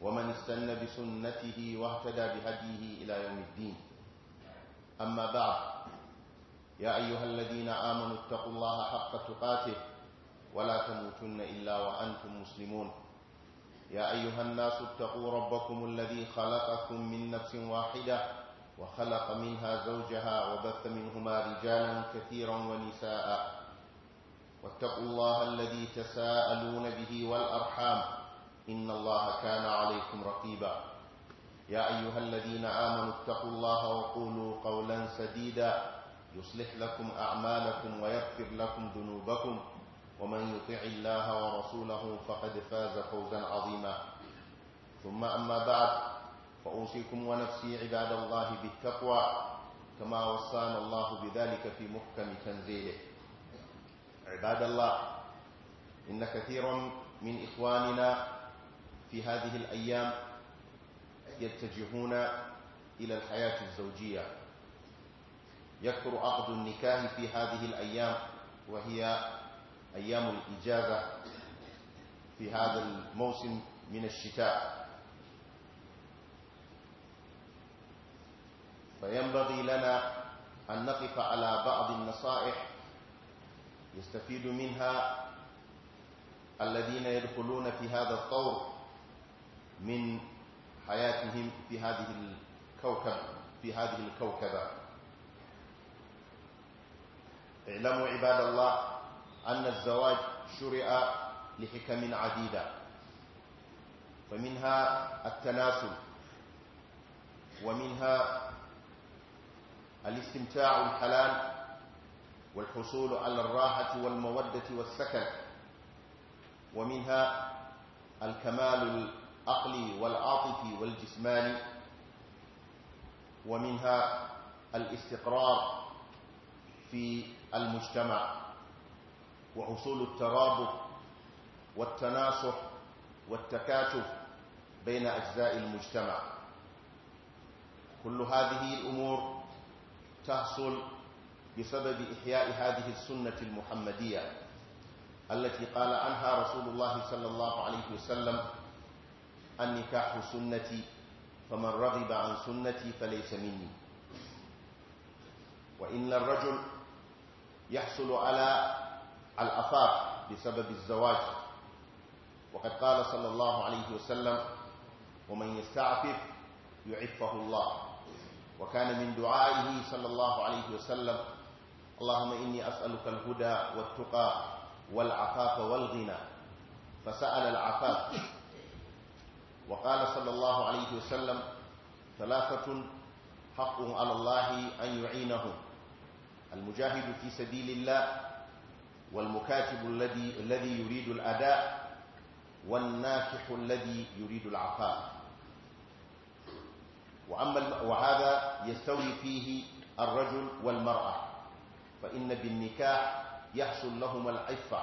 ومن استنى بسنته واهتدى بهديه إلى يوم الدين أما بعد يا أيها الذين آمنوا اتقوا الله حق تقاته ولا تموتن إلا وأنتم مسلمون يا أيها الناس اتقوا ربكم الذي خلقكم من نفس واحدة وخلق منها زوجها وبث منهما رجالا كثيرا ونساء واتقوا الله الذي تساءلون به والأرحام إن الله كان عليكم رقيبا يا أيها الذين آمنوا اتقوا الله وقولوا قولا سديدا يصلح لكم أعمالكم ويغفر لكم ذنوبكم ومن يطع الله ورسوله فقد فاز فوزا عظيما ثم أما بعد فأوصيكم ونفسي عباد الله بالتقوى كما وصانا الله بذلك في محكم تنزيله عباد الله إن كثيرا من إخواننا في هذه الأيام يتجهون إلى الحياة الزوجية يكثر عقد النكاح في هذه الأيام وهي أيام الإجازة في هذا الموسم من الشتاء فينبغي لنا أن نقف على بعض النصائح يستفيد منها الذين يدخلون في هذا الطور من حياتهم في هذه الكوكب في هذه الكوكبة اعلموا عباد الله أن الزواج شرع لحكم عديدة فمنها التناسل ومنها الاستمتاع الحلال والحصول على الراحة والمودة والسكن ومنها الكمال العقلي والعاطفي والجسماني ومنها الاستقرار في المجتمع وحصول الترابط والتناسح والتكاتف بين أجزاء المجتمع كل هذه الأمور تحصل بسبب إحياء هذه السنة المحمدية التي قال عنها رسول الله صلى الله عليه وسلم النكاح سنتي فمن رغب عن سنتي فليس مني وإن الرجل يحصل على الأفاق بسبب الزواج وقد قال صلى الله عليه وسلم ومن يستعفف يعفه الله وكان من دعائه صلى الله عليه وسلم اللهم إني أسألك الهدى والتقى والعفاف والغنى فسأل العفاف وقال صلى الله عليه وسلم ثلاثة حقهم على الله أن يعينهم المجاهد في سبيل الله والمكاتب الذي الذي يريد الأداء والناكح الذي يريد العفاء وأما وهذا يستوي فيه الرجل والمرأة فإن بالنكاح يحصل لهما العفة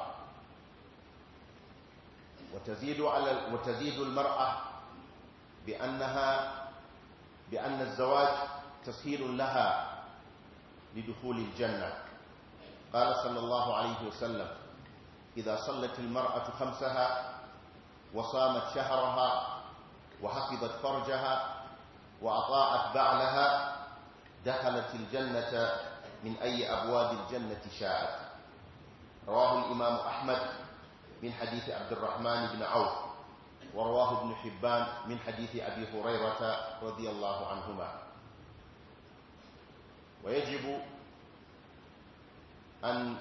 وتزيد, على وتزيد المرأة بأنها بأن الزواج تسهيل لها لدخول الجنة قال صلى الله عليه وسلم إذا صلت المرأة خمسها وصامت شهرها وحفظت فرجها وأطاعت بعلها دخلت الجنة من أي أبواب الجنة شاءت رواه الإمام أحمد من حديث عبد الرحمن بن عوف ورواه ابن حبان من حديث أبي هريرة رضي الله عنهما ويجب أن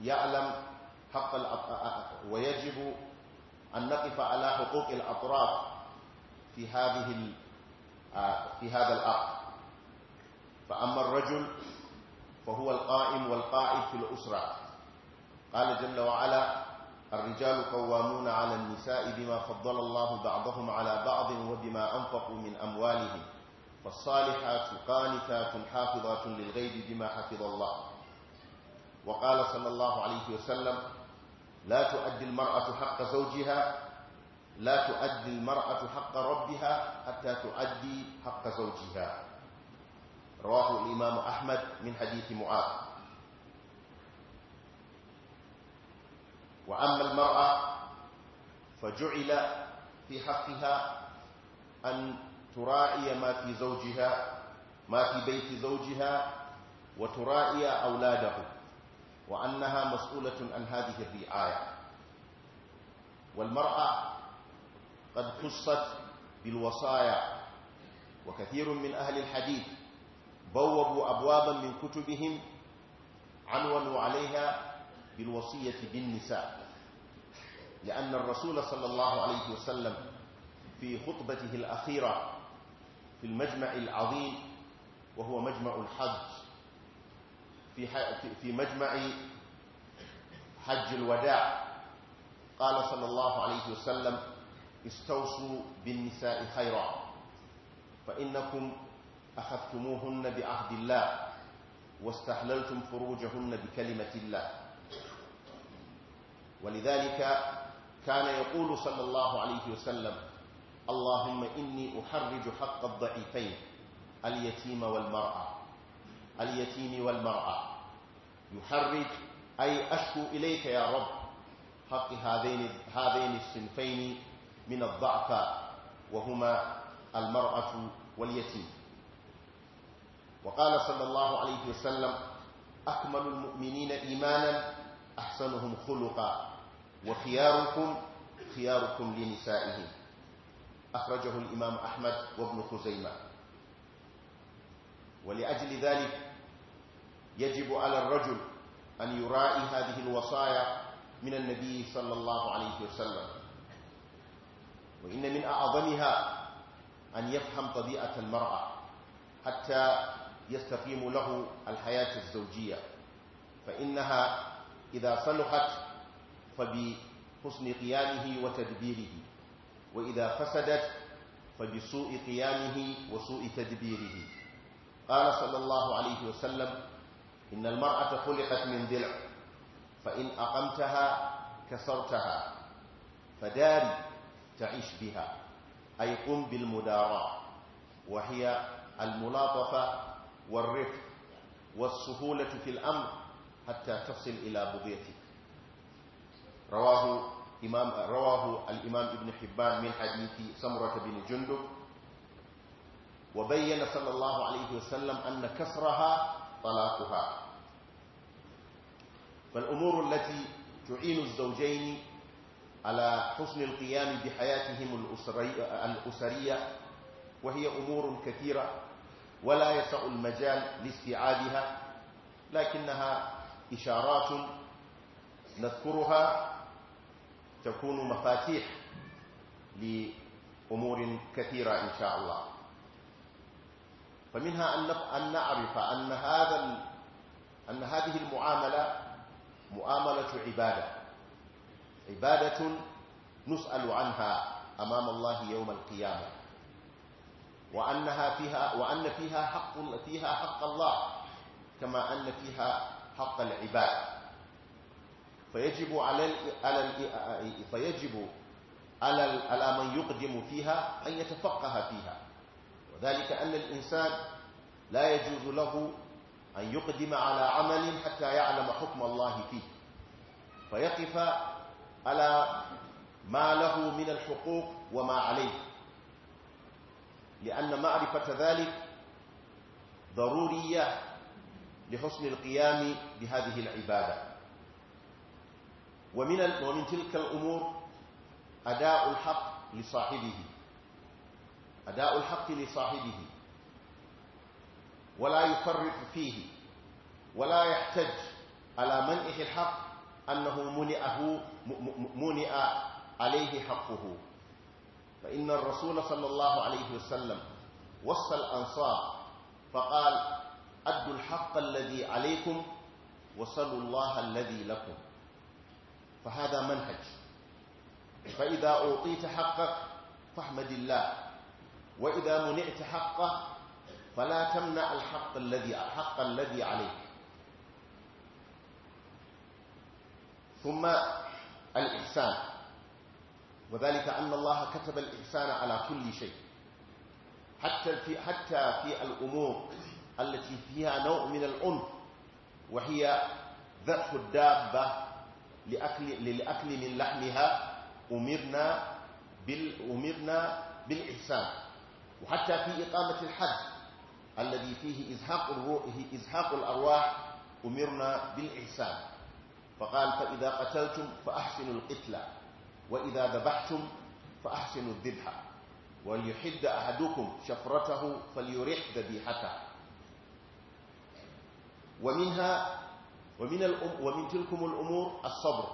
يعلم حق ويجب أن نقف على حقوق الأطراف في هذه آه، في هذا الأرض فأما الرجل فهو القائم والقائد في الأسرة قال جل وعلا الرجال قوامون على النساء بما فضل الله بعضهم على بعض وبما أنفقوا من أموالهم فالصالحات قانتات حافظات للغيب بما حفظ الله وقال صلى الله عليه وسلم لا تؤدي المرأة حق زوجها لا تؤدي المرأة حق ربها حتى تؤدي حق زوجها رواه الإمام أحمد من حديث معاذ وأما المرأة فجعل في حقها أن تراعي ما في زوجها ما في بيت زوجها وتراعي أولاده وأنها مسؤولة عن هذه الرعاية والمرأة قد خصت بالوصايا وكثير من أهل الحديث بوبوا أبوابا من كتبهم عنونوا عليها بالوصية بالنساء لأن الرسول صلى الله عليه وسلم في خطبته الأخيرة في المجمع العظيم وهو مجمع الحج في, في مجمع حج الوداع قال صلى الله عليه وسلم استوصوا بالنساء خيرا فإنكم أخذتموهن بعهد الله واستحللتم فروجهن بكلمة الله ولذلك كان يقول صلى الله عليه وسلم اللهم إني أحرج حق الضعيفين اليتيم والمرأة اليتيم والمرأة يحرج أي أشكو إليك يا رب حق هذين, هذين الصنفين من الضعفاء وهما المرأة واليتيم وقال صلى الله عليه وسلم أكمل المؤمنين إيمانا أحسنهم خلقا وخياركم خياركم لنسائهم أخرجه الإمام أحمد وابن خزيمة ولأجل ذلك يجب على الرجل أن يرائي هذه الوصايا من النبي صلى الله عليه وسلم وإن من أعظمها أن يفهم طبيعة المرأة حتى يستقيم له الحياة الزوجية فإنها إذا صلحت فبحسن قيامه وتدبيره وإذا فسدت فبسوء قيامه وسوء تدبيره قال صلى الله عليه وسلم إن المرأة خلقت من ذلع فإن أقمتها كسرتها فداري تعيش بها أي قم بالمداراة وهي الملاطفة والرفق والسهولة في الأمر حتى تصل إلى بضيتك رواه إمام رواه الإمام ابن حبان من حديث سمرة بن جندب وبين صلى الله عليه وسلم أن كسرها طلاقها فالأمور التي تعين الزوجين على حسن القيام بحياتهم الأسرية وهي أمور كثيرة ولا يسع المجال لاستيعابها لكنها إشارات نذكرها تكون مفاتيح لأمور كثيرة إن شاء الله فمنها أن نعرف أن, هذا أن هذه المعاملة مؤاملة عبادة عبادة نسأل عنها أمام الله يوم القيامة وأنها فيها وأن فيها حق فيها حق الله كما أن فيها حق العباد فيجب على على فيجب على على من يقدم فيها أن يتفقه فيها وذلك أن الإنسان لا يجوز له أن يقدم على عمل حتى يعلم حكم الله فيه فيقف على ما له من الحقوق وما عليه لأن معرفة ذلك ضرورية لحسن القيام بهذه العبادة ومن, ومن تلك الأمور أداء الحق لصاحبه أداء الحق لصاحبه ولا يفرق فيه ولا يحتج على منعه الحق أنه منعه منع عليه حقه فإن الرسول صلى الله عليه وسلم وصى الأنصار فقال أدوا الحق الذي عليكم وصلوا الله الذي لكم فهذا منهج فإذا أعطيت حقك فاحمد الله وإذا منعت حقه فلا تمنع الحق الذي الحق الذي عليك ثم الإحسان وذلك أن الله كتب الإحسان على كل شيء حتى في, حتى في الأمور التي فيها نوع من العنف وهي ذبح الدابة لأكل, للأكل من لحمها أمرنا, بال أمرنا بالإحسان وحتى في إقامة الحج الذي فيه إزهاق, الروح إزهاق الأرواح أمرنا بالإحسان فقال فإذا قتلتم فأحسنوا القتلى وإذا ذبحتم فأحسنوا الذبح وليحد أحدكم شفرته فليرح ذبيحته ومنها ومن الأم ومن تلكم الأمور الصبر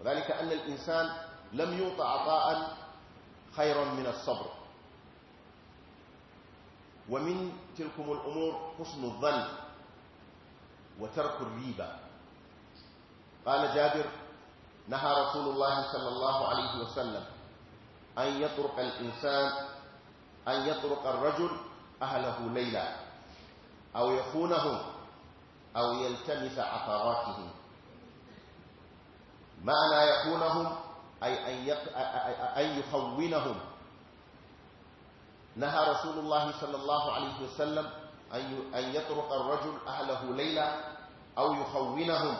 وذلك أن الإنسان لم يعطى عطاء خيرا من الصبر ومن تلكم الأمور حسن الظن وترك الريبة قال جابر نهى رسول الله صلى الله عليه وسلم أن يطرق الإنسان أن يطرق الرجل أهله ليلا أو يخونهم أو يلتمس عثراتهم معنى يكونهم أي أن, يق... أن يخونهم نهى رسول الله صلى الله عليه وسلم أن يطرق الرجل أهله ليلا أو يخونهم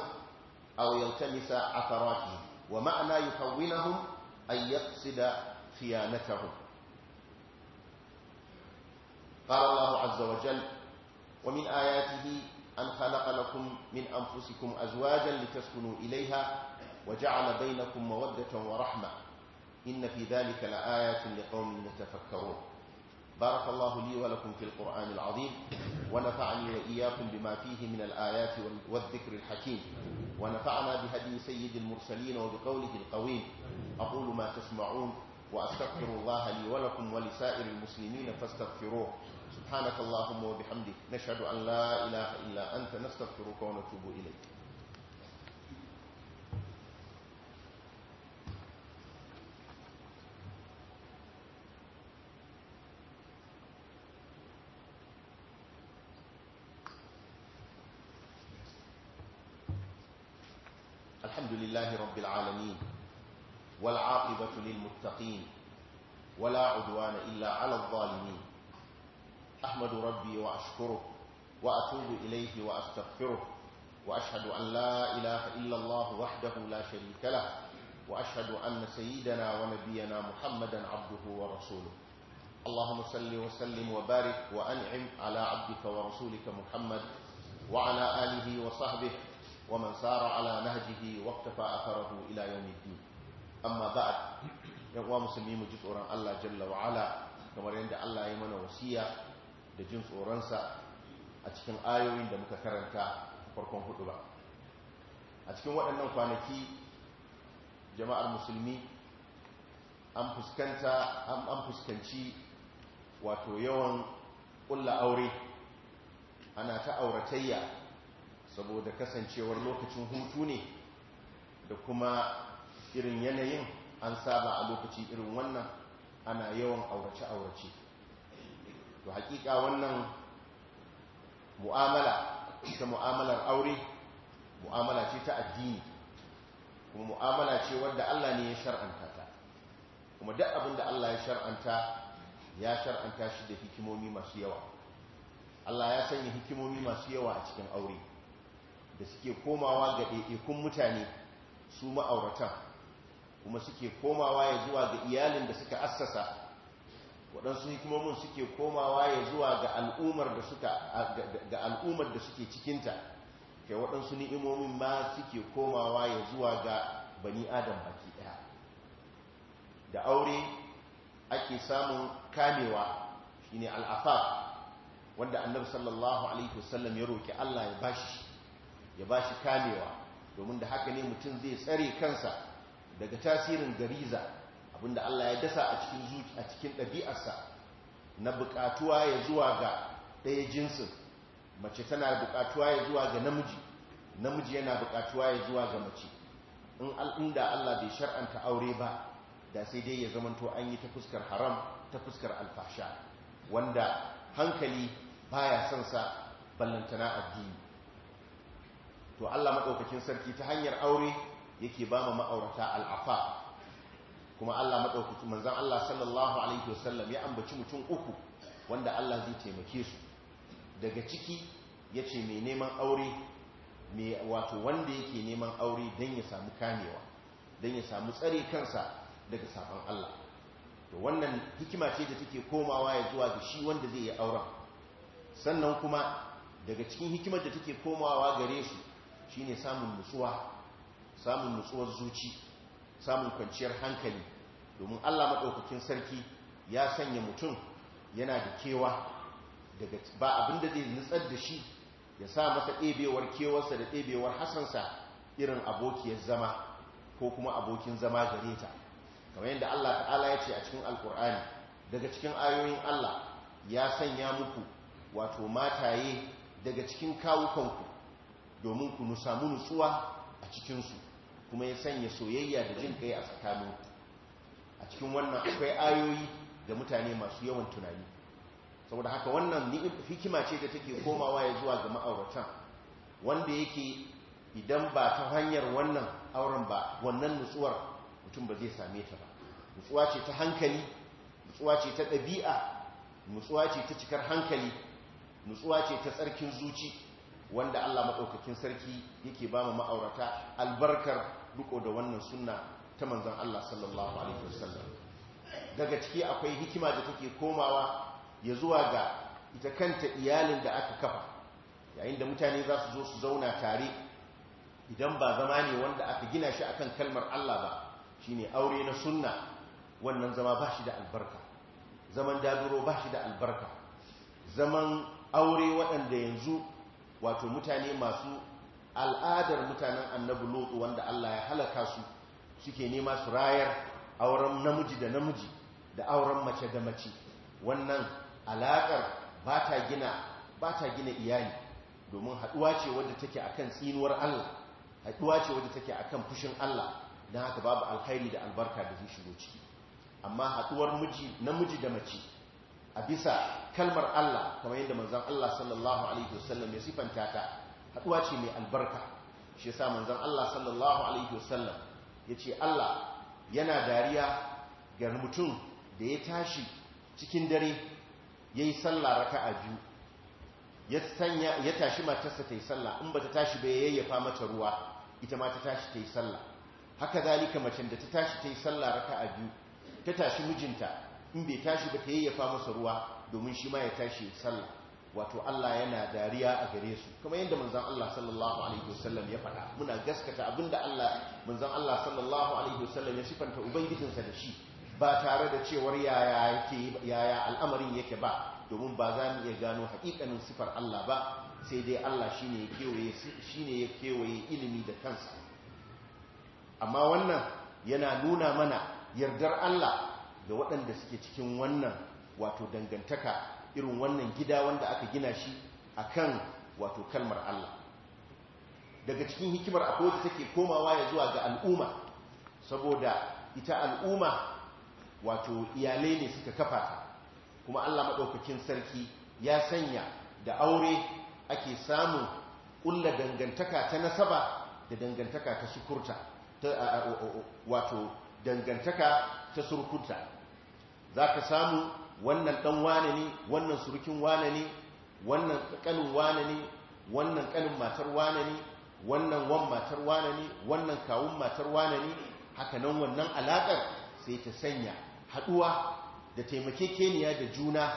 أو يلتمس عثراتهم ومعنى يخونهم أن يقصد خيانتهم قال الله عز وجل ومن آياته أن خلق لكم من أنفسكم أزواجا لتسكنوا إليها وجعل بينكم مودة ورحمة إن في ذلك لآيات لقوم يتفكرون بارك الله لي ولكم في القرآن العظيم ونفعني وإياكم بما فيه من الآيات والذكر الحكيم ونفعنا بهدي سيد المرسلين وبقوله القويم أقول ما تسمعون وأستغفر الله لي ولكم ولسائر المسلمين فاستغفروه سبحانك اللهم وبحمدك نشهد أن لا إله إلا أنت نستغفرك ونتوب إليك الحمد لله رب العالمين والعاقبة للمتقين ولا عدوان إلا على الظالمين أحمد ربي وأشكره وأتوب إليه وأستغفره وأشهد أن لا إله إلا الله وحده لا شريك له وأشهد أن سيدنا ونبينا محمدا عبده ورسوله اللهم صل وسلم وبارك وأنعم على عبدك ورسولك محمد وعلى آله وصحبه ومن سار على نهجه واقتفى أثره إلى يوم الدين أما بعد يقوى مسلمين جزء الله جل وعلا كما عند الله يمن وسيا da jin tsoronsa a cikin ayoyin da muka karanta farkon hudu ba a cikin waɗannan kwanaki jama'ar musulmi an fuskanta an fuskanci wato yawan ƙulla aure ana ta auratayya saboda kasancewar lokacin hutu ne da kuma irin yanayin an saba a lokaci irin wannan ana yawan aurace-aurace to hakika wannan mu'amala ita mu'amalar aure mu'amala ce ta addini kuma mu'amala ce wadda Allah ne ya shar'anta ta kuma duk abin da Allah ya shar'anta ya shar'anta shi da hikimomi masu yawa Allah ya sanya hikimomi masu yawa a cikin aure da suke komawa ga ɗaiɗaikun mutane su ma'auratan kuma suke komawa ya zuwa ga iyalin da suka assasa waɗansu hikimomin suke komawa ya zuwa ga al'ummar da suka ga al'ummar da suke cikinta kai waɗansu ni'imomin ma suke komawa ya zuwa ga bani adam baki ɗaya da aure ake samun kamewa shine al'afaf wanda annabi sallallahu alaihi wasallam ya roki Allah ya bashi ya bashi kamewa domin da haka ne mutum zai tsare kansa daga tasirin gariza abinda Allah ya dasa a cikin zuci a cikin ɗabi'arsa na buƙatuwa ya zuwa ga ɗaya jinsin mace tana buƙatuwa ya zuwa ga namiji namiji yana buƙatuwa ya zuwa ga mace in al'inda Allah bai shar'anta aure ba da sai dai ya zamanto an yi ta fuskar haram ta fuskar alfasha wanda hankali baya son sa ballantana addini to Allah madaukakin sarki ta hanyar aure yake ba mu ma'aurata al'afa kuma Allah madaukaki manzan Allah sallallahu alaihi wasallam ya ambaci mutum uku wanda Allah zai taimake su daga ciki ya ce mai neman aure mai wato wanda yake neman aure dan ya samu kamewa dan ya samu tsare kansa daga sabon Allah to wannan hikima ce da take komawa ya zuwa ga shi wanda zai yi auren sannan kuma daga cikin hikimar da take komawa gare su shine samun nutsuwa samun nutsuwar zuci samun kwanciyar hankali domin Allah maɗaukakin sarki ya sanya mutum yana da kewa daga ba abin da zai nutsar da shi ya sa masa ɗebewar kewarsa da ɗebewar hasansa irin abokiyar zama ko kuma abokin zama gare ta kamar yadda Allah ta'ala ya ce a cikin alkur'ani daga cikin ayoyin Allah ya sanya muku wato mataye daga cikin kawukanku domin ku samu nutsuwa a cikinsu kuma ya sanya soyayya da jin kai a tsakanin a cikin wannan akwai ayoyi da mutane masu yawan tunani saboda haka wannan hikima ce da take komawa ya zuwa ga ma'auratan wanda yake idan ba ta hanyar wannan auren ba wannan nutsuwar mutum ba zai same ta ba nutsuwa ce ta hankali nutsuwa ce ta ɗabi'a nutsuwa ce ta cikar hankali nutsuwa ce ta tsarkin zuci wanda Allah maɗaukakin sarki yake ba mu ma'aurata albarkar riko da wannan sunna ta manzan Allah sallallahu alaihi wasallam daga ciki akwai hikima da take komawa ya zuwa ga ita kanta iyalin da aka kafa yayin da mutane za su zo su zauna tare idan ba zama ne wanda aka gina shi akan kalmar Allah ba shine aure na sunna wannan zama ba da albarka zaman daduro bashi da albarka zaman aure waɗanda yanzu wato mutane masu al'adar mutanen annabu lotu wanda Allah ya halaka su suke nema su rayar auren namiji da namiji da auren mace da mace wannan alaƙar ba ta gina ba gina iyali domin haɗuwa ce wadda take akan tsinuwar Allah haɗuwa ce wadda take akan fushin Allah don haka babu alkhairi da albarka da zai shigo ciki amma haɗuwar miji namiji da mace a bisa kalmar Allah kamar yadda manzon Allah sallallahu alaihi wasallam ya sifanta ta haduwa ce mai albarka shi yasa manzon Allah sallallahu alaihi wasallam yace Allah yana dariya ga mutum da ya tashi cikin dare yayi sallah a biyu ya ya tashi matarsa yi sallah in ba ta tashi ba yayyafa mata ruwa ita ma ta tashi ta yi sallah haka zalika macen da ta tashi ta tayi sallah a biyu ta tashi mijinta in bai tashi ba ta yayyafa masa ruwa domin shi ma ya tashi sallah wato Allah yana dariya a gare su kuma yadda manzon Allah sallallahu alaihi wasallam ya faɗa muna gaskata abinda Allah manzon Allah sallallahu alaihi wasallam ya sifanta ubangijinsa da shi ba tare da cewar yaya yake yaya al'amarin yake ba domin ba za mu iya gano haƙiƙanin sifar Allah ba sai dai Allah shine ya shine ya kewaye ilimi da kansa amma wannan yana nuna mana yardar Allah ga waɗanda suke cikin wannan wato dangantaka irin wannan gida wanda aka gina shi a kan wato kalmar Allah daga cikin hikimar a wadda take komawa ya zuwa ga al'umma saboda ita al'umma wato iyalai ne suka kafa kuma Allah maɗaukacin sarki ya sanya da aure ake samu ƙulla dangantaka ta nasaba da dangantaka ta sukurta wato dangantaka ta surkuta za ka samu wannan dan wane ne wannan surukin wane ne wannan kanin wane ne wannan kanin matar wane ne wannan wan matar wane ne wannan kawun matar wane ne haka nan wannan alaƙar sai ta sanya haɗuwa da taimakekeniya da juna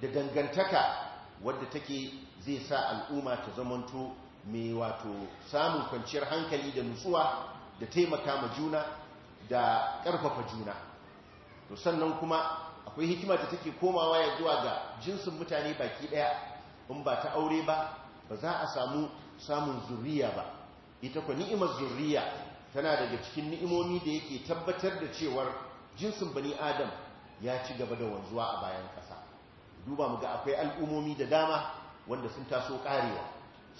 da dangantaka wadda take zai sa al'umma ta zamanto mai wato samun kwanciyar hankali da nutsuwa da taimaka ma juna da ƙarfafa juna to sannan kuma akwai hikima ta take komawa ya zuwa ga jinsin mutane baki daya in ba ta aure ba ba za a samu samun zuriya ba ita kwa ni'imar zuriya tana daga cikin ni'imomi da yake tabbatar da cewar jinsin bani adam ya ci gaba da wanzuwa a bayan ƙasa duba mu ga akwai al'umomi da dama wanda sun taso karewa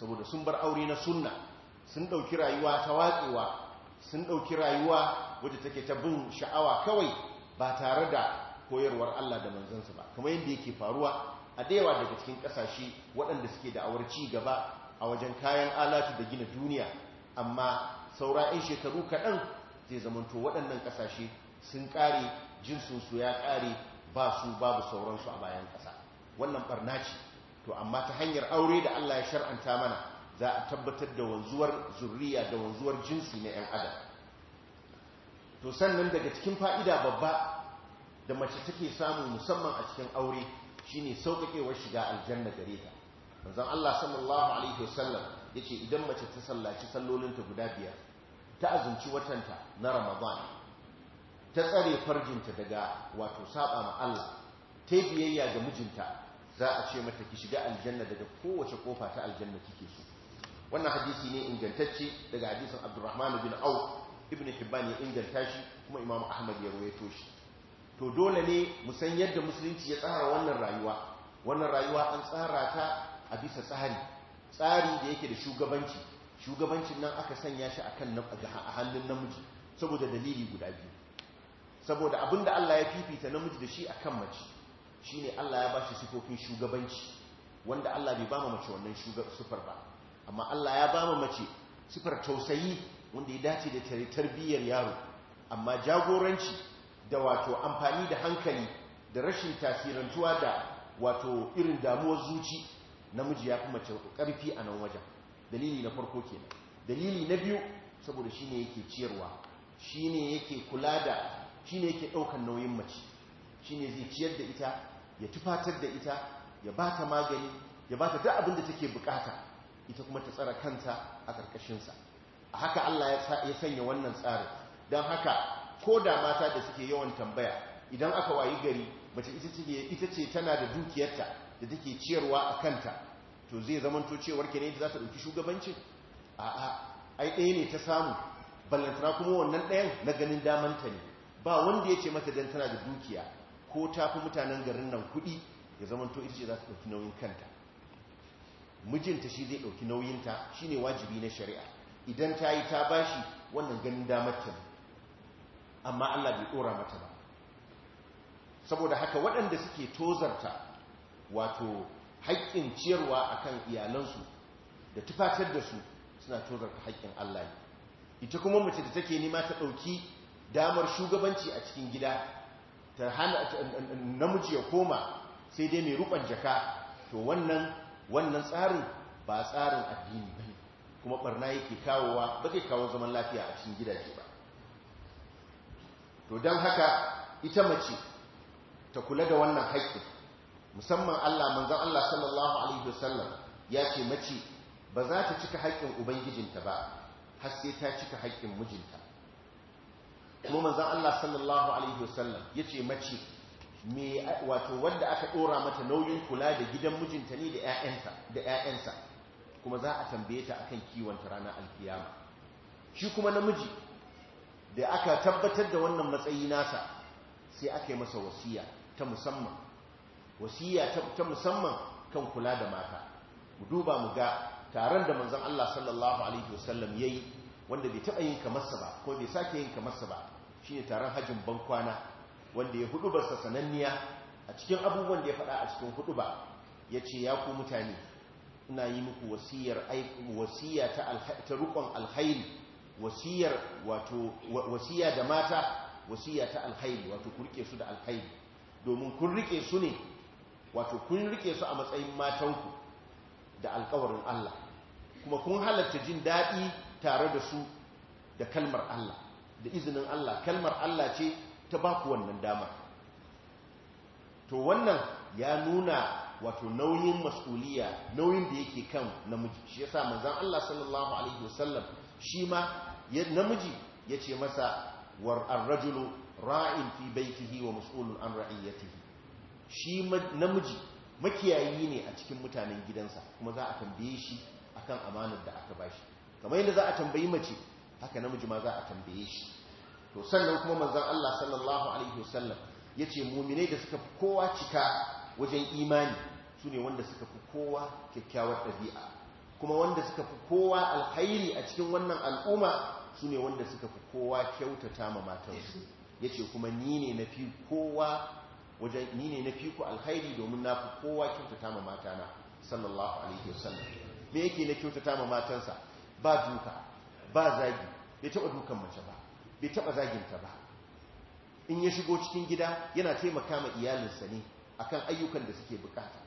saboda sun bar aure na sunna sun dauki rayuwa ta watsewa sun dauki rayuwa wadda take ta bin sha'awa kawai ba tare da koyarwar Allah da manzansa ba kamar yadda yake faruwa a dayawa daga cikin kasashe waɗanda suke da awar gaba a wajen kayan alatu da gina duniya amma saura 'yan shekaru kaɗan zai zamanto waɗannan kasashe sun ƙare jinsinsu ya ƙare ba su babu sauransu a bayan ƙasa wannan ɓarna ce to amma ta hanyar aure da Allah ya shar'anta mana za a tabbatar da wanzuwar zurriya da wanzuwar jinsi na 'yan adam to sannan daga cikin fa'ida babba da mace take samu musamman a cikin aure shine sauƙaƙewar shiga aljanna gare ta manzon Allah sallallahu alaihi wasallam yace idan mace ta sallaci sallolinta guda biyar ta azumci watanta na Ramadan ta tsare farjinta daga wato saba ma Allah ta biyayya ga mijinta za a ce mata ki shiga aljanna daga kowace kofa ta aljanna kike so wannan hadisi ne ingantacce daga hadisin Abdurrahman bin Auf ibn Hibban ya inganta shi kuma Imam Ahmad ya rawaito shi to dole ne musan yadda musulunci ya tsara wannan rayuwa wannan rayuwa an tsara ta a bisa tsari tsari da yake da shugabanci shugabancin nan aka sanya shi akan a hannun namiji saboda dalili guda biyu saboda abinda Allah ya fifita namiji da shi akan mace shi ne Allah ya ba shi sifofin shugabanci wanda Allah bai ba mace wannan sifar ba amma Allah ya ba mace sifar tausayi wanda ya dace da tarbiyyar yaro amma jagoranci da wato amfani da hankali da rashin tasirantuwa da wato irin damuwar zuci namiji ya fi mace karfi a nan wajen dalili na farko ke dalili na biyu saboda shi ne yake ciyarwa ne yake kula da ne yake ɗaukar nauyin mace shi ne zai ciyar da ita ya tufatar da ita ya ba ta magani ya bata duk abin da take bukata ita kuma ta tsara kanta a ƙarƙashinsa. a haka Allah ya sanya wannan tsarin don haka ko da mata da suke yawan tambaya idan aka wayi gari mace ita ce tana da dukiyarta da take ciyarwa a kanta to zai zamanto cewar ke ne za ta ɗauki shugabancin a'a ai ɗaya ne ta samu ballantana kuma wannan ɗayan na ganin damanta ne ba wanda ya ce mata dan tana da dukiya ko ta fi mutanen garin nan kuɗi ya zamanto ita ce za ta ɗauki nauyin kanta mijinta shi zai ɗauki nauyinta shi ne wajibi na shari'a idan ta yi ta bashi wannan ganin damar ta ne amma Allah bai dora mata ba saboda haka waɗanda suke tozarta wato haƙƙin ciyarwa akan iyalansu da tufatar da su suna tozarta haƙƙin Allah ne ita kuma mace da take nema ta ɗauki damar shugabanci a cikin gida ta hana namiji ya koma sai dai mai ruban jaka to wannan wannan tsarin ba tsarin addini bane kuma barna yake kawowa ba zai kawo zaman lafiya a cikin gidaje ba to don haka ita mace ta kula da wannan haƙƙin musamman Allah manzon Allah sallallahu alaihi wasallam ya ce mace ba za ta cika haƙƙin ubangijinta ba har sai ta cika haƙƙin mijinta kuma manzon Allah sallallahu alaihi wasallam ya ce mace me wato wanda aka ɗora mata nauyin kula da gidan mijinta ne da 'ya'yansa, da ƴaƴansa kuma za a tambaye ta akan kiwon ta ranar alkiyama shi kuma namiji da aka tabbatar da wannan matsayi nasa sai aka yi masa wasiya ta musamman wasiya ta musamman kan kula da mata mu duba mu ga taron da manzon Allah sallallahu alaihi wasallam yayi wanda bai taba yin kamarsa ba ko bai sake yin kamarsa ba shine taron hajjin bankwana wanda ya hudu barsa sananniya a cikin abubuwan da ya faɗa a cikin hudu ba yace ya ku mutane ina yi muku wasiyar ta ta rukun wasiyar wato wasiya da mata wasiya ta alhaili wato ku rike su da alhaili domin kun rike su ne wato kun rike su a matsayin matanku da alkawarin Allah kuma kun halarta jin daɗi tare da su da kalmar Allah da izinin Allah kalmar Allah ce ta ba ku wannan dama to wannan ya nuna wato nauyin mas'uliya nauyin da yake kan namiji shi yasa manzon Allah sallallahu alaihi wasallam shi ma namiji ya ce masa war arrajulu ra'in fi baitihi wa mas'ulun an ra'iyatihi shi namiji makiyayi ne a cikin mutanen gidansa kuma za a tambaye shi akan amanar da aka bashi kamar yadda za a tambayi mace haka namiji ma za a tambaye shi to sannan kuma manzon Allah sallallahu alaihi wasallam yace mu'minai da suka fi kowa cika wajen imani sune wanda suka fi kowa kyakkyawar ɗabi'a kuma wanda suka fi kowa alkhairi a cikin wannan al'umma su ne wanda suka fi kowa kyautata ma matansu ya ce kuma ni ne na fi ku alkhairi domin na fi kowa kyautata ma matana sallallahu alaihi wasallam me yake na kyautata ma matansa ba duka ba zagi bai taba dukan mace ba bai taba zaginta ba in ya shigo cikin gida yana taimaka ma iyalinsa ne akan ayyukan da suke bukata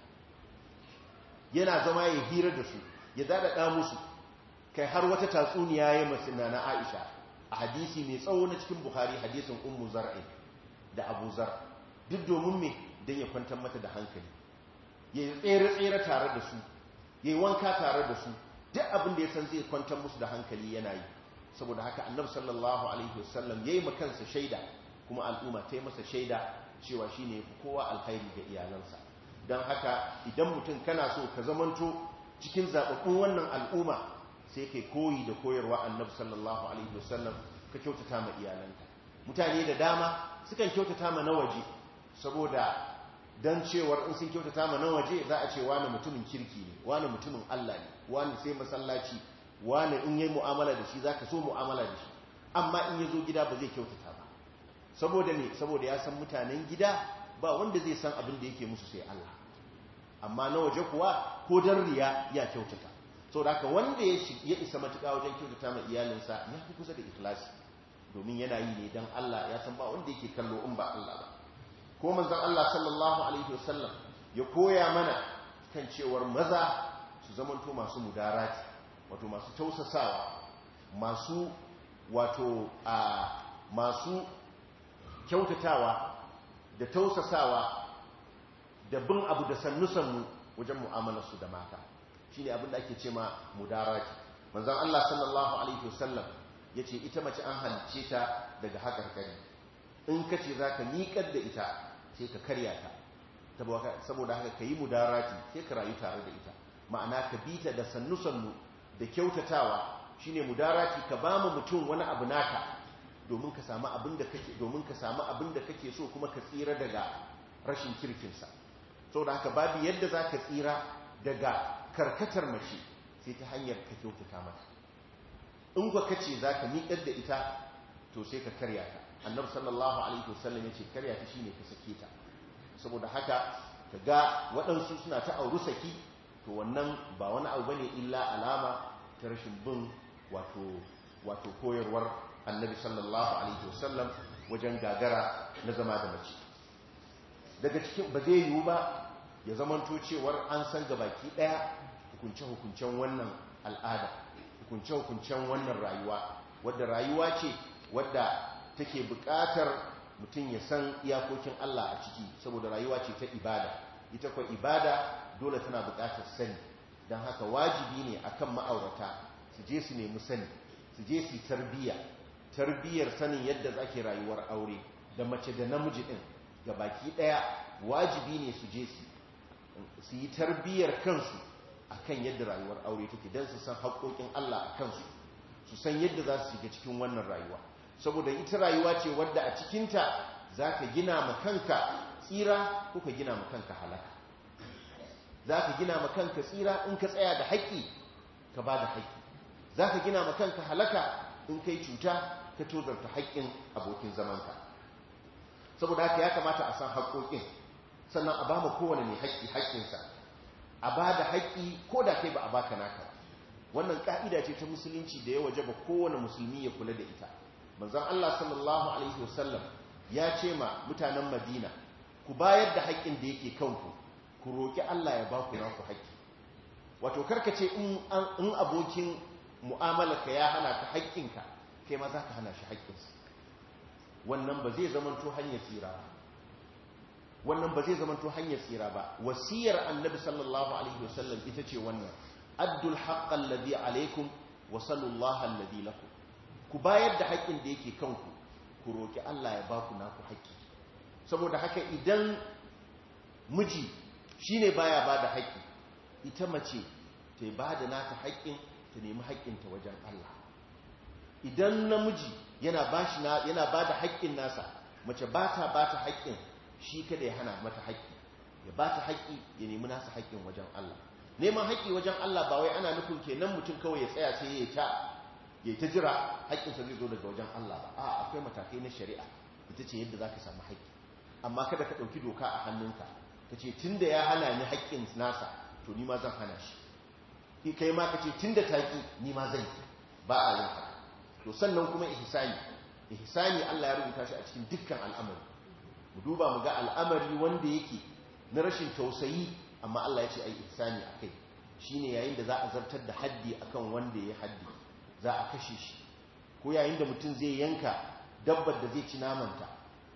yana zama ya hira da su ya ɗa musu kai har wata tatsuniya ya masu na na aisha a hadisi mai tsawo na cikin buhari hadisin ummu zar'in da abu zar duk domin me don ya kwantar mata da hankali ya yi tsere-tsere tare da su ya yi wanka tare da su duk abin da ya san zai kwantar musu da hankali yana yi saboda haka annab sallallahu alaihi wasallam ya yi makansa shaida kuma al'umma ta yi masa shaida cewa shi ne kowa alkhairi ga iyalansa don haka idan mutum kana so ka zamanto cikin zaɓaɓɓun wannan al'umma sai kai koyi da koyarwa annabi sallallahu alaihi wasallam ka kyautata ma iyalanta. mutane da dama sukan kyautata ma na waje saboda don cewar in sun kyautata ma na waje za a ce wani mutumin kirki ne wani mutumin Allah ne wani sai masallaci wani in yi mu'amala da shi za ka so mu'amala da shi amma in ya zo gida ba zai kyautata ba saboda ne saboda ya san mutanen gida ba wanda zai san abin da yake musu sai Allah amma na waje kuwa ko dan riya ya kyautata so da wanda ya ya isa matuƙa wajen kyautata ma iyalinsa ya fi kusa da ikhlasi domin yana yi ne dan Allah ya san ba wanda yake kallo in ba Allah ba ko manzon Allah sallallahu alaihi wasallam ya koya mana kan cewar maza su zamanto masu mudarati wato masu tausasawa masu wato a masu kyautatawa da tausasawa da bin abu da sannu-sannu wajen mu'amalarsu da mata shi ne abin da ake ce ma ki? manzan Allah sallallahu alaihi wasallam ya ce ita mace an halice ta daga haƙarƙari in ka ce za ka niƙar da ita sai ka karya ta saboda haka ka yi ki, sai ka rayu tare da ita ma'ana ka bi ta da sannu-sannu da kyautatawa shi ne ki, ka ba mu mutum wani abu naka domin ka samu abin da kake so kuma ka tsira daga rashin kirkinsa da haka babu yadda za ka tsira daga karkatar mace sai ta hanyar ka kyautata mata in ka ce za ka miƙar da ita to sai ka karya ta annabi sallallahu alaihi wasallam ya ce karya ta shine ka sake ta saboda haka ka ga waɗansu suna ta auru saki to wannan ba wani abu bane illa alama ta rashin bin wato koyarwar annabi sallallahu alaihi wasallam wajen gagara na zama da mace daga cikin ba zai yiwu ba ya zamanto cewar an san ki daya hukunce-hukuncen wannan al'ada hukunce-hukuncen wannan rayuwa wadda rayuwa ce wadda take bukatar mutum ya san iyakokin Allah a ciki saboda rayuwa ce ta ibada ita kwa ibada dole tana bukatar sani don haka wajibi ne akan ma'aurata su je su nemi sani su je su tarbiyya tarbiyyar sanin yadda zake rayuwar aure da mace da namiji din ga baki ɗaya wajibi ne su je su yi tarbiyyar kansu akan yadda rayuwar aure take don su san haƙoƙin Allah a kansu su san yadda za su shiga cikin wannan rayuwa saboda ita rayuwa ce wadda a cikinta za ka gina ma kanka tsira ko ka gina ma kanka halaka za ka gina ma kanka tsira in ka tsaya da haƙi ka ba da hakki. za ka gina ma kanka halaka in kai cuta ka tozarta haƙƙin abokin zamanka saboda haka ya kamata a san haƙoƙin sannan a ba mu kowane mai haƙƙi haƙƙinsa a ba da haƙƙi ko da kai ba a baka naka wannan ƙa'ida ce ta musulunci da ya waje ba kowane musulmi ya kula da ita manzon Allah sallallahu alaihi wasallam ya ce ma mutanen Madina ku bayar da haƙƙin da yake kanku ku roƙi Allah ya ba ku naku haƙƙi wato karkace in in abokin mu'amalarka ya hana ka haƙƙinka kai ma za ka hana shi haƙƙinsa wannan ba zai zamanto hanyar tsira wannan ba zai zamanto hanyar tsira ba wasiyar annabi sallallahu alaihi wasallam ita ce wannan addul haqq alladhi alaikum wa sallallahu alladhi lakum ku bayar da haƙƙin da yake kanku ku roki Allah ya baku naku haƙƙi saboda haka idan miji shine baya bada haƙƙi ita mace ta bada nata haƙƙin ta nemi haƙƙinta wajen Allah idan namiji yana ba na yana bada haƙƙin nasa mace ba ta ba ta haƙƙin shi kada ya hana mata haƙƙi ya ba ta haƙƙi ya nemi nasa haƙƙin wajen Allah neman haƙƙi wajen Allah ba wai ana nufin kenan mutum kawai ya tsaya sai ya ta ya ta jira sa zai zo daga wajen Allah ba a akwai matakai na shari'a ita ce yadda zaka samu haƙƙi amma kada ka ɗauki doka a hannunka ka ce tunda ya hana ni haƙƙin nasa to ni ma zan hana shi kai ma kace tunda taki ni ma zan ba a yin to sannan kuma ihsani ihsani Allah ya rubuta shi a cikin dukkan al'amari mu duba mu ga al'amari wanda yake na rashin tausayi amma Allah ya ce ai ihsani akai shine yayin da za a zartar da haddi akan wanda ya haddi za a kashe shi ko yayin da mutum zai yanka dabbar da zai ci naman namanta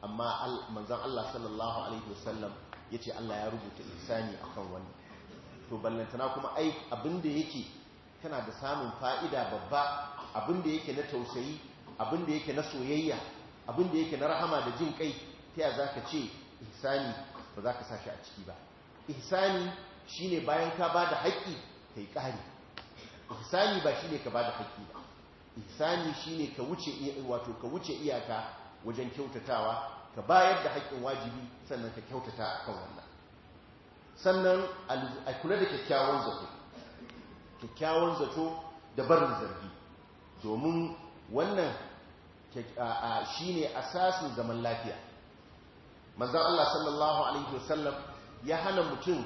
amma manzon Allah sallallahu alaihi wasallam yace Allah ya rubuta ihsani akan wani. to ballantana kuma ai abinda yake kana da samun fa'ida babba Abinda yake na tausayi abinda yake na soyayya abinda yake na rahama da jin kai ta ya za ka ce ihsani ba za ka sashi a ciki ba ihsani shi ne bayan ka ba da haƙƙi ka yi ƙari ihsani ba shi ne ka ba da haƙƙi ba ihsani shi ne ka wuce iyaka wajen kyautatawa ka bayar da haƙƙin wajibi sannan ka kyautata a kan wannan sannan a kula da kyakkyawan zato kyakkyawan zato da barin zargi domin wannan shi ne asasin zaman lafiya manzan Allah sallallahu Alaihi wasallam ya hana mutum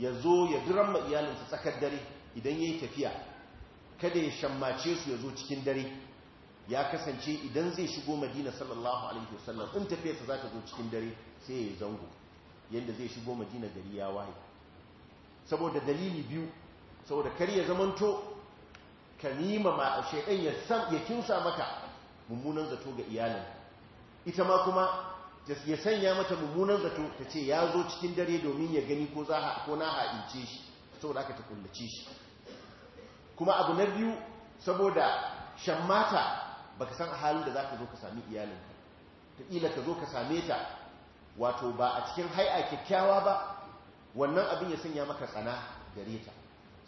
ya zo ya diramma iyalinsa tsakar dare idan ya yi tafiya kada ya shammace su ya zo cikin dare ya kasance idan zai shigo madina sallallahu Alaihi wasallam in tafiyarsa za ta zo cikin dare sai ya zango yadda zai shigo madina gari ya waye saboda dalili biyu saboda kar ya zamanto kalima ma shaidan ya san ya kinsa maka mummunan zato ga iyalin ita ma kuma ya sanya mata mummunan zato ta ce ya zo cikin dare domin ya gani ko na ha'ince shi saboda aka ta kullace shi kuma abu na biyu saboda shan shammata ka san halin da za ka zo ka sami ka ta ila ka zo ka same ta wato ba a cikin hai'a kyakkyawa ba wannan abin ya sanya maka tsana gare ta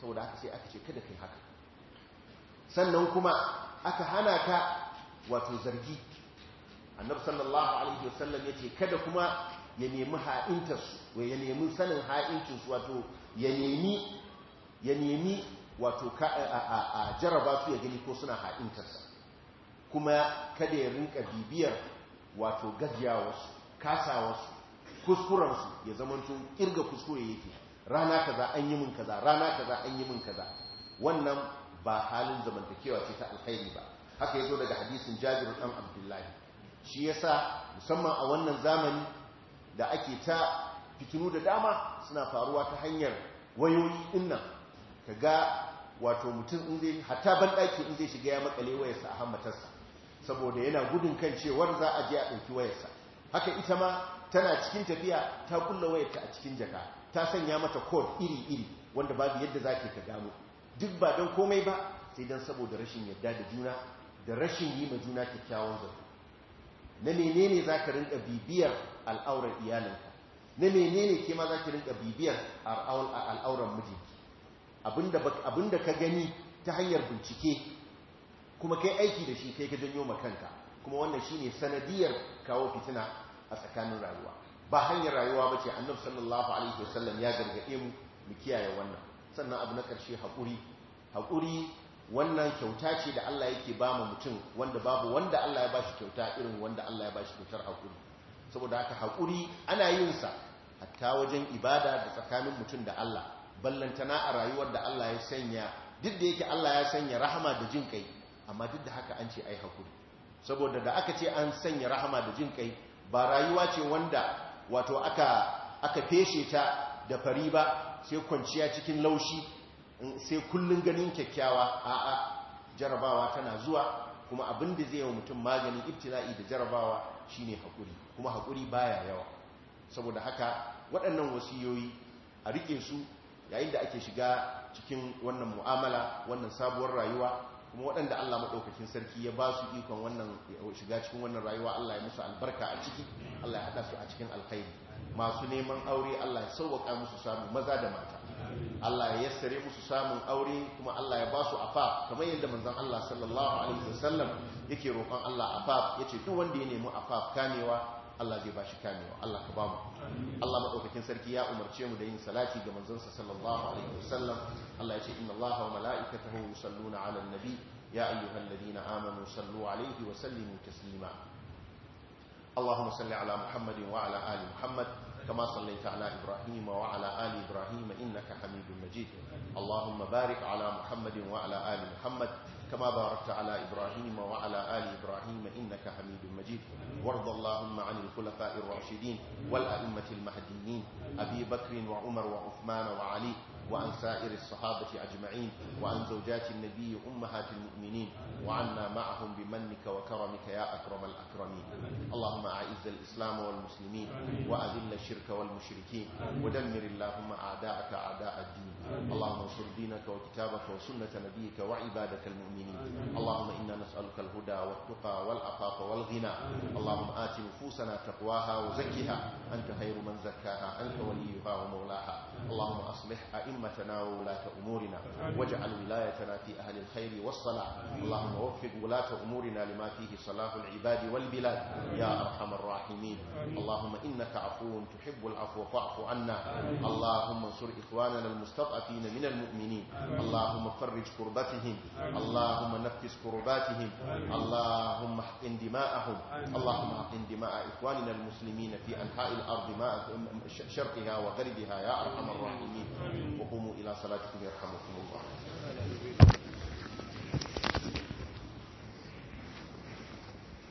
saboda haka sai aka ce kada kai haka sannan kuma aka hana ka wato zargi annabi sallallahu alaihi wasallam yace kada kuma ya nemi ha'intarsu wai ya nemi sanin ha'intarsu wato ya nemi wato a jaraba su ya gani ko suna ha'intarsa kuma kada ya rinka bibiyar wato gajiyawarsu kasawarsu kuskurensu ya zamanto kirga kuskure yake rana kaza an yi min kaza rana kaza an yi min kaza wannan ba halin zamantakewa ce ta alkhairi ba haka yazo daga hadisin Jabir dan Abdullahi shi yasa musamman a wannan zamani da ake ta fitinu da dama suna faruwa ta hanyar wayoyi dinnan kaga wato mutum in zai hatta ban daki in zai shiga ya makale wayarsa a hammatarsa saboda yana gudun kan cewar za a je a dauki wayarsa haka ita ma tana cikin tafiya ta kulla wayarta a cikin jaka ta sanya mata code iri iri wanda babu yadda zake ka gano duk ba don komai ba sai don saboda rashin yadda da juna da rashin yi ma juna kyakkyawan zato na menene za ka rinka bibiyar al'aurar iyalinka na menene ke ma za ka rinka bibiyar al'aurar mijinki abinda ka gani ta hanyar bincike kuma kai aiki da shi kai ka janyo makanka kuma wannan shi ne sanadiyar kawo fitina a tsakanin rayuwa ba hanyar rayuwa ba ce annabi sallallahu alaihi wasallam ya gargaɗe mu mu kiyaye wannan sannan abu na ƙarshe haƙuri haƙuri wannan kyauta ce da Allah yake ba ma mutum wanda babu wanda Allah ya ba shi kyauta irin wanda Allah ya ba shi kyautar haƙuri saboda haka haƙuri ana yin sa hatta wajen ibada da tsakanin mutum da Allah ballantana a rayuwar da Allah ya sanya duk da yake Allah ya sanya rahama da jin kai amma duk da haka an ce ai haƙuri saboda da aka ce an sanya rahama da jin kai ba rayuwa ce wanda wato aka aka feshe ta da fari ba sai kwanciya cikin laushi sai kullum ganin kyakkyawa a'a jarabawa tana zuwa kuma abin da zai yi wa mutum maganin ibtila'i da jarabawa shine hakuri kuma hakuri baya yawa saboda haka waɗannan wasiyoyi a riƙe su yayin da ake shiga cikin wannan mu'amala wannan sabuwar rayuwa kuma waɗanda Allah maɗaukakin sarki ya ba su ikon wannan shiga cikin wannan rayuwa Allah ya musu albarka a ciki Allah ya haɗa su a cikin alkhairi masu neman aure Allah ya sauwaƙa musu samu maza da mata Allah ya yassare musu samun aure kuma Allah ya ba su afa kamar yadda manzon Allah sallallahu alaihi wasallam yake roƙon Allah afaf yace duk wanda ya nemi afaf kamewa Allah zai ba shi kamewa Allah ka bamu. Allah madaukakin sarki ya umarce mu da yin salati ga manzon sa sallallahu alaihi wasallam Allah ya ce inna Allaha wa mala'ikatahu yusalluna 'alan nabi ya ayyuhalladhina amanu sallu 'alaihi wa sallimu taslima Allahumma salli 'ala Muhammadin wa 'ala ali Muhammad كما صليت على إبراهيم وعلى آل إبراهيم إنك حميد مجيد اللهم بارك على محمد وعلى آل محمد كما باركت على إبراهيم وعلى آل إبراهيم إنك حميد مجيد وارض اللهم عن الخلفاء الراشدين والأئمة المهديين أبي بكر وعمر وعثمان وعلي وعن سائر الصحابة أجمعين وعن زوجات النبي أمهات المؤمنين وعنا معهم بمنك وكرمك يا أكرم الأكرمين اللهم أعز الإسلام والمسلمين وأذل الشرك والمشركين ودمر اللهم أعداءك أعداء الدين اللهم انصر دينك وكتابك وسنة نبيك وعبادك المؤمنين اللهم إنا نسألك الهدى والتقى والعفاف والغنى اللهم آت نفوسنا تقواها وزكها أنت خير من زكاها أنت وليها ومولاها اللهم أصلح أئمة أئمتنا وولاة أمورنا واجعل ولايتنا في أهل الخير والصلاة اللهم وفق ولاة أمورنا لما فيه صلاح العباد والبلاد يا أرحم الراحمين اللهم إنك عفو تحب العفو فاعف عنا اللهم انصر إخواننا المستضعفين من المؤمنين اللهم فرج كربتهم اللهم نفس كرباتهم اللهم احقن دماءهم اللهم احقن دماء إخواننا المسلمين في أنحاء الأرض شرقها وغربها يا أرحم الراحمين وقوموا إلى صلاتكم يرحمكم الله